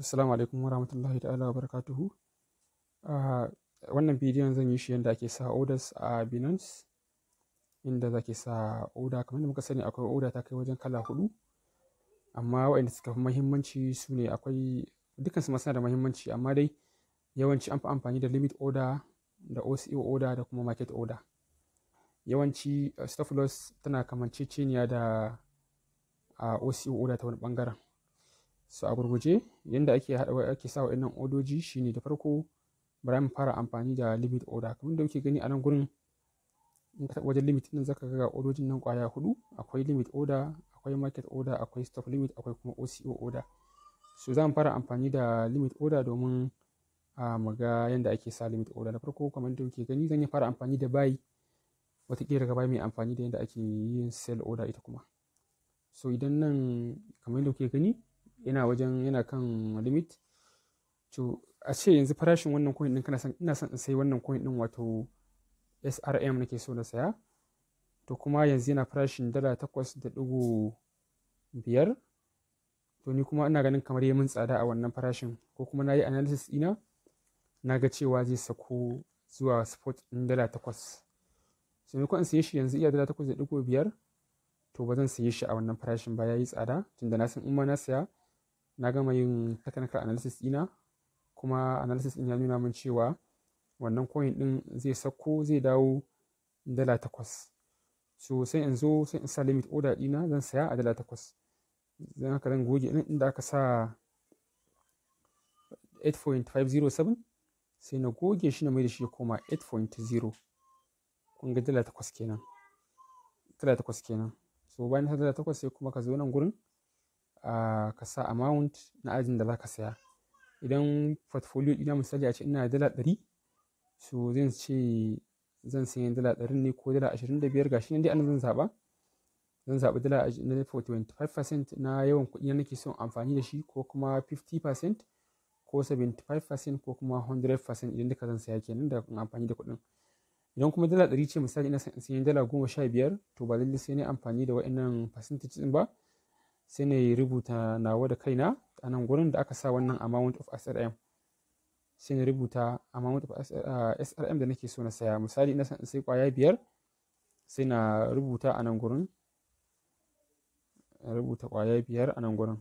Assalamu alaikum wa ta'ala wa barakatuhu. Ah, wannan bidiyon zan yi shi yadda ake sa orders a Binance inda zake sa oda kamar da muka sani akwai oda ta kai wajen kala hudu amma waɗanda suka fi muhimmanci su ne akwai dukkan su masana da mahimmanci amma dai yawanci an fi amfani da limit oda, da OCO oda, da kuma market oda, yawanci stoflos uh, stop loss tana kamanceceniya da OCO uh, order ta wani bangaren su a gurguje yadda ake haɗa ake sa wa'annan odoji shine da farko bari mu fara amfani da limit order kamar da kuke gani a nan gurin in ka wajen limit din zaka ga odojin nan kwaya hudu akwai limit order akwai market order akwai stop limit akwai kuma OCO order so zan fara amfani da limit order domin a mu yadda ake sa limit order na farko kamar da kuke gani zan yi fara amfani da buy wataƙila buy mai amfani da yadda ake yin sell order ita kuma so idan nan kamar da kuke gani yana wajen yana kan limit to a ce yanzu farashin wannan coin din kana san ina son in sai wannan coin din wato SRM nake so na saya to kuma yanzu yana farashin dala takwas da ɗigo biyar to ni kuma ina ganin kamar yamin tsada a wannan farashin ko kuma na yi analysis ina na ga cewa zai sako zuwa support ɗin dala takwas so ni in saye shi yanzu iya dala takwas da ɗigo biyar to ba zan saye shi a wannan farashin ba ya yi tsada tunda na san in ma na saya na gama yin technical analysis ɗina kuma analysis ɗin ya nuna min cewa wannan coin ɗin zai sako zai dawo dala takwas so sai in zo sai in sa limit order ɗina zan saya a dala takwas zan haka zan goge ɗin inda aka sa 8.507 sai na goge shi na mai da shi koma 8.0 kun ga dala takwas kenan dala takwas kenan so bayan dala takwas sai kuma ka zo nan gurin ka sa amount na ajin da za ka saya idan portfolio ɗina misali a ce ina dala ɗari so zan ce zan sayi dala ɗari ne ko dala ashirin da biyar gashi nan dai ana zan zaɓa zan zaɓi dala na 25% na yawan kuɗi na nake son amfani da shi ko kuma 50% ko 75% ko kuma 100% idan duka zan saya kenan da amfani da kuɗin idan kuma dala ɗari ce misali ina sayan dala goma sha biyar to ba lallai sai na amfani da wa'annan percentage ɗin ba sai na yi rubuta nawa da kaina a nan gurin da aka sa wannan amount of SRM sai na rubuta amount of SRM ah, da nake so na saya misali ina san sai kwaya biyar sai na rubuta a nan gurin rubuta kwaya biyar a nan gurin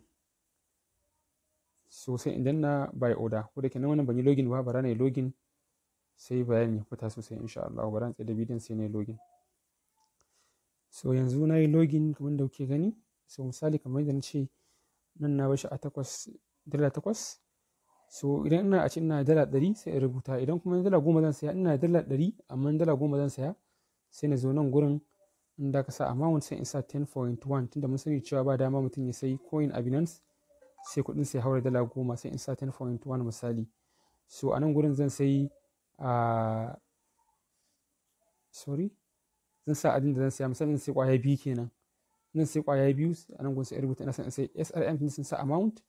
so sai idan na by order ko da kenan wannan ban yi login ba bara na yi login sai bayan ya fita sosai insha Allah bara na tsaye da bidiyon sai na yi login so yanzu na yi login kamar da kuke gani so misali kamar yadda na ce nan na bashi a takwas dala takwas so idan ina a ce ina dala ɗari sai in rubuta idan kuma dala goma zan saya ina dala ɗari amma dala goma zan saya sai na zo nan gurin inda ka sa wani sai in sa 10.1 tunda mun sani cewa ba dama mutum ya sayi coin a Binance sai kuɗin sai haura dala goma sai in sa 10.1 misali so a nan gurin zan sayi a sorry zan sa abin da zan saya misali zan sai kwaya biyu kenan nan sai kwaya biyu a nan gun rubuta ina sai srm din sun sa amount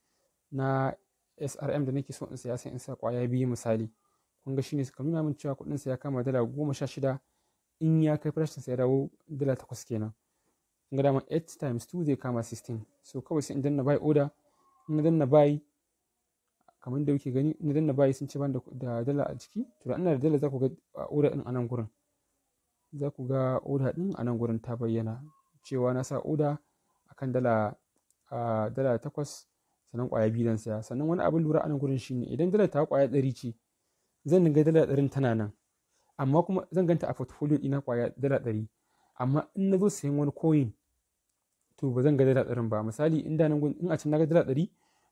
na srm da nake so in saya sai in sa kwaya biyu misali kun ga shine suka nuna min cewa kuɗin sa ya kama dala goma sha shida in ya kai farashin sa ya dawo dala takwas kenan kun ga dama 8 times 2 zai kama 16 so kawai sai in danna buy order in na danna buy kamar da kuke gani na danna buy sun ce ban da dala a ciki to da ina da dala za ku ga order din a nan gurin za ku ga order din a nan gurin ta bayyana cewa na sa oda a dala dala takwas sannan kwaya biyu zan saya sannan wani abin lura anan nan gurin shine idan dala ta kwaya ɗari ce zan dinga dala ɗarin tana nan amma kuma zan ganta a portfolio ina kwaya dala ɗari amma in na zo sayan wani coin to ba zan ga dala ɗarin ba misali in da nan gurin in a can na ga dala ɗari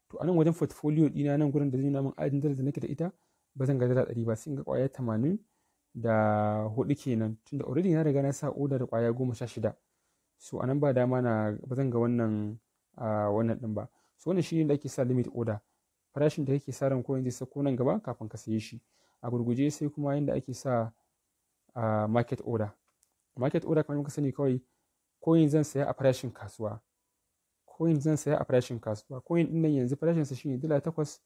to a nan wajen portfolio ɗina nan gurin da zai nuna min adadin dala da nake da ita ba zan ga dala ɗari ba sai in ga kwaya tamanin da hudu kenan tunda already na riga na sa oda da ƙwaya goma sha shida so a nan ba dama na ba zan ga wannan wannan ɗin ba so wannan shine da ake sa limit order farashin da kake sa ran ko yanzu sako nan gaba kafin ka saye shi a gurguje sai kuma yanda ake sa market order market order kamar muka sani kawai coin zan saya a farashin kasuwa coin zan saya a farashin kasuwa coin din nan yanzu farashin sa shine dala takwas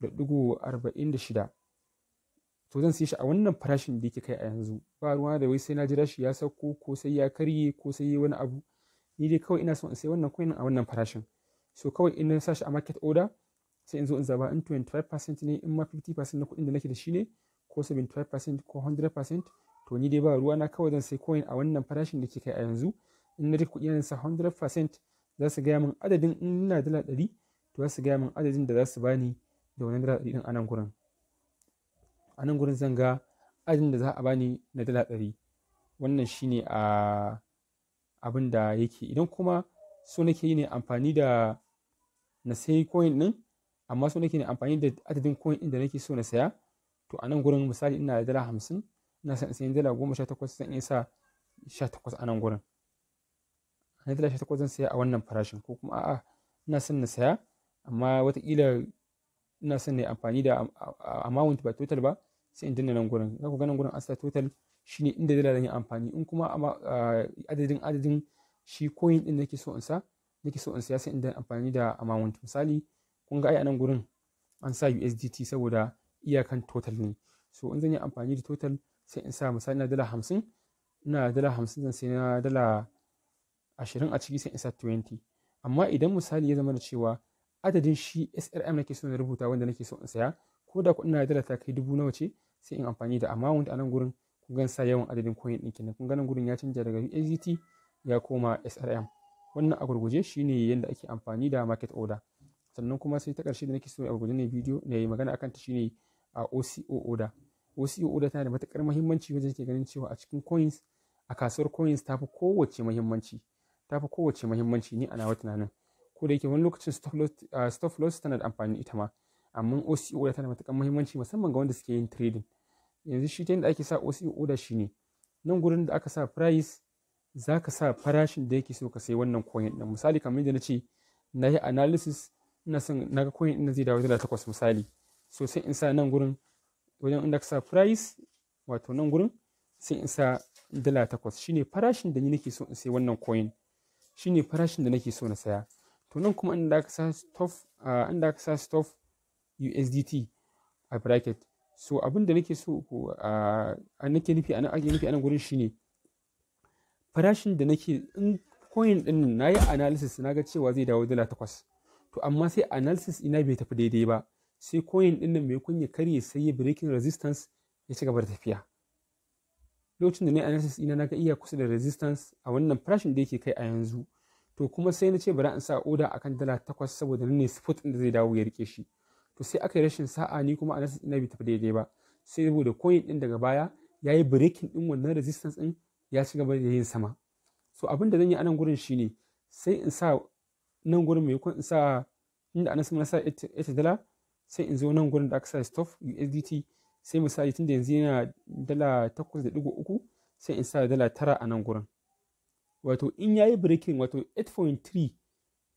da digo arba'in da shida to zan siya shi a wannan farashin da yake kai a yanzu ba ruwa da wai sai na jira shi ya sauko ko sai ya karye ko sai wani abu ni dai kawai ina so in sai wannan coin a wannan farashin so kawai in na sa shi a market order sai in zo in zaba in 25% ne in ma 50% na kuɗin da nake da shi ne ko 75% ko 100% to ni dai ba ruwa na kawai zan sai coin a wannan farashin da ke kai a yanzu in na rike kuɗi sa 100% za su gaya min adadin in ina dala 100 to za su gaya min adadin da za su bani da wannan dala 100 din a nan gurin a nan gurin zanga ajin da za a bani na dala ɗari wannan ne a abin da yake idan kuma so nake yi ne amfani da na sayi coin ɗin amma so nake ne amfani da adadin coin ɗin da nake so na saya to a nan gurin misali ina da dala hamsin ina son sayan dala goma sha takwas zan iya sa sha takwas a nan gurin na dala sha takwas zan saya a wannan farashin ko kuma a'a ina son na saya amma watakila ina son na amfani da amount ba total ba sai in danna nan gurin za ku ga nan gurin asta total shine inda dala zan yi amfani in kuma adadin adadin shi coin din nake so in sa nake so in siya sai in danna amfani da amount misali kun ga ai a nan gurin an sa USDT saboda iyakan total ne so in zan yi amfani da total sai in sa misali na dala hamsin ina dala hamsin zan sai na dala ashirin a ciki sai in sa 20 amma idan misali ya zama da cewa adadin shi SRM nake so na rubuta wanda nake so in saya ko da kuɗin na dala ta kai dubu nawa ce sai in amfani da amount a nan gurin kun gan sa yawan adadin coin ɗin kenan kun ganin gurin ya canja daga USDT ya koma SRM wannan a gurguje shine yadda ake amfani da market order sannan kuma sai ta karshe da nake so a gurguje ne bidiyo ne yi magana akan ta shine a OCO order OCO order tana da matuƙar muhimmanci wajen ke ganin cewa a cikin coins a kasuwar coins tafi kowace muhimmanci tafi kowace muhimmanci ni a nawa tunanin ko da yake wani lokacin stop loss tana da amfani ita ma amma OCO order tana matuƙar muhimmanci musamman ga wanda suke yin trading yanzu shi ta yadda ake sa OCO shi ne. nan gurin da aka sa price za ka sa farashin da yake so ka sai wannan coin din misali kamar yadda na ce na yi analysis ina son na ga coin din zai dawo dala takwas misali so sai in sa nan gurin wajen inda ka sa price wato nan gurin sai in sa dala takwas shine farashin da ni nake so in sai wannan coin shine farashin da nake so na saya to nan kuma inda ka sa stop inda ka sa stop USDT a bracket so abin da nake so ko a nake nufi a nan nufi a nan shine farashin da nake in coin din na yi analysis na ga cewa zai dawo dala takwas to amma sai analysis ina bai tafi daidai ba sai coin din nan mai kunya karye sai ya breaking resistance ya ci gaba da tafiya lokacin da na yi analysis ina na ga iya kusa da resistance a wannan farashin da yake kai a yanzu to kuma sai na ce bari in sa oda akan dala takwas saboda nan ne spot din da zai dawo ya rike shi to sai aka yi rashin sa'a ni kuma analysis ina bai tafi daidai ba sai saboda coin din daga baya ya yi breaking din wannan resistance din ya ci gaba da yin sama so abin da zan yi a nan gurin shine sai in sa nan gurin mai kun in sa inda anas mun sa 8 dala sai in zo nan gurin da aka sa stop USDT sai misali tunda yanzu yana dala 8.3 sai in sa dala 9 a nan gurin wato in yayi breaking wato 8.3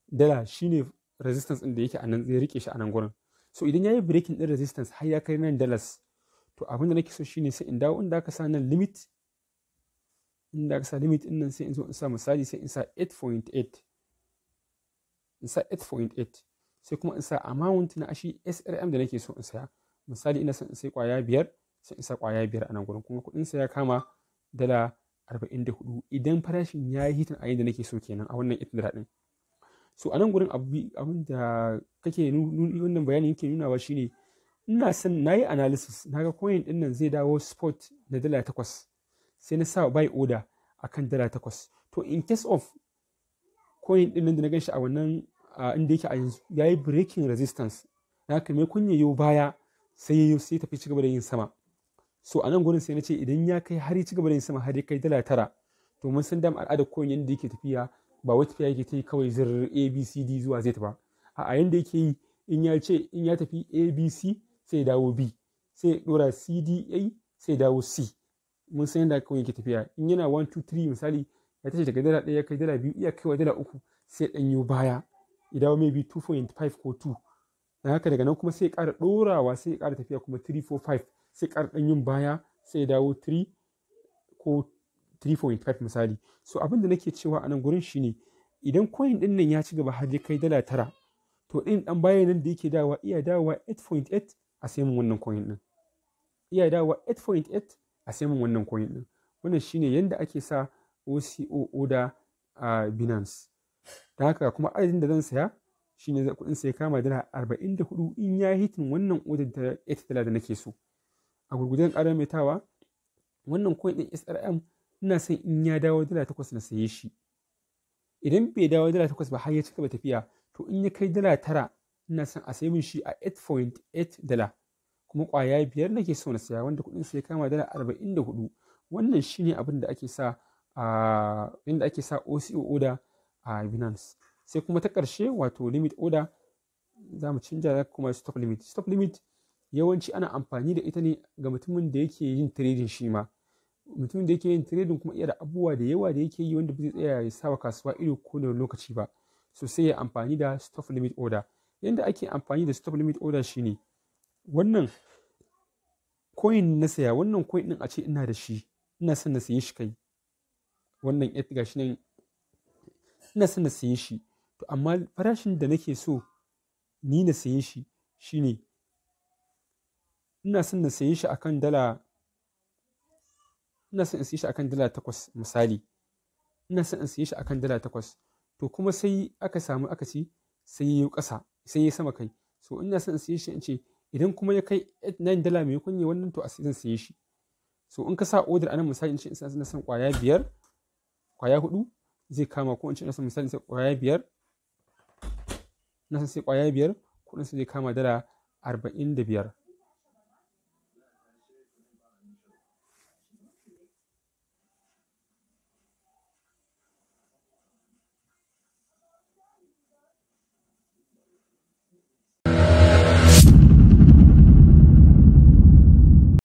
dala shine resistance din da yake a nan zai rike shi a nan gurin so idan ya yi breaking din resistance har ya kai nan dalas to abin da nake so shine sai in dawo inda aka sa nan limit inda aka sa limit din nan sai in zo in sa misali sai in sa 8.8 in sa 8.8 sai kuma in sa amount na ashi SRM da nake so in saya misali ina son in sai kwaya biyar sai in sa kwaya biyar a nan gurin kuma kudin sa ya kama dala 44 idan farashin ya yi hitin a yadda nake so kenan a wannan itira din so a nan gurin abin da kake wannan bayani yake nunawa shine ina son na yi analysis na ga coin din nan zai dawo spot na dala takwas sai na sa buy order kan dala takwas to in case of coin din nan da na ganshi a wannan inda yake a yanzu ya yi breaking resistance na haka mai kun yau baya sai ya sai tafi ci gaba da yin sama so a nan gurin sai na ce idan ya kai har ya ci gaba da yin sama har ya kai dala tara to mun san dam al'adar coin yadda yake tafiya ba wai tafiya yake ta yi kawai zir abcd zuwa z ba a yanda yake yi in ya ce in ya tafi abc sai dawo b sai dora cda sai dawo c mun san yadda kawai yake tafiya in yana 1 3 misali ya tashi daga dala ɗaya ya kai dala biyu iya wa dala uku sai yi baya idawo maybe 2.5 ko 2 na haka daga nan kuma sai ƙara ɗorawa sai ƙara tafiya kuma 3 4 5 sai ƙara dan yin baya sai dawo 3 ko 3.5 misali so abin da nake cewa a nan gurin shine idan coin din nan ya ci gaba har ya kai dala tara to din dan bayan nan da yake dawa iya dawa 8.8 a sai mun wannan coin din iya dawa 8.8 a sai mun wannan coin din wannan shine yanda ake sa OCO da a Binance da haka kuma adadin da zan saya shine kuɗin sai kama dala 44 in ya hitin wannan odar da 8 dala da nake so a gurgudan ƙarar wannan coin din SRM ina son in ya dawo dala takwas na saye shi idan bai dawo dala takwas ba har ya ci gaba tafiya to in ya kai dala tara ina son a sayi min shi a 8.8 dala kuma kwaya biyar nake so na saya wanda kuɗin sai kama dala arba'in da hudu. wannan shine abin da ake sa a inda ake sa OCO order a Binance sai kuma ta karshe wato limit order za mu canja kuma stop limit stop limit yawanci ana amfani da ita ne ga mutumin da yake yin trading shi ma mutum da yake yin trading kuma iya da abubuwa da yawa da yake yi wanda bai zai tsaya ya sawa kasuwa ido ko da lokaci ba so sai ya amfani da stop limit order yanda ake amfani da stop limit order shine wannan coin na saya wannan coin din a ce ina da shi ina son na saye shi kai wannan yadda gashi nan ina son na saye shi to amma farashin da nake so ni na saye shi shine ina son na saye shi akan dala ina son in siye shi akan dala takwas misali ina son in siye shi akan dala takwas to kuma sai aka samu aka ci sai ya yi ƙasa sai ya sama kai so ina son in siye shi in ce idan kuma ya kai 9 dala mai kunye wannan to a zan siye shi so in ka sa order anan misali in ce ina son kwaya biyar kwaya hudu zai kama ko in ce ina son misali kwaya biyar na san sai kwaya biyar kudin su zai kama dala arba'in da biyar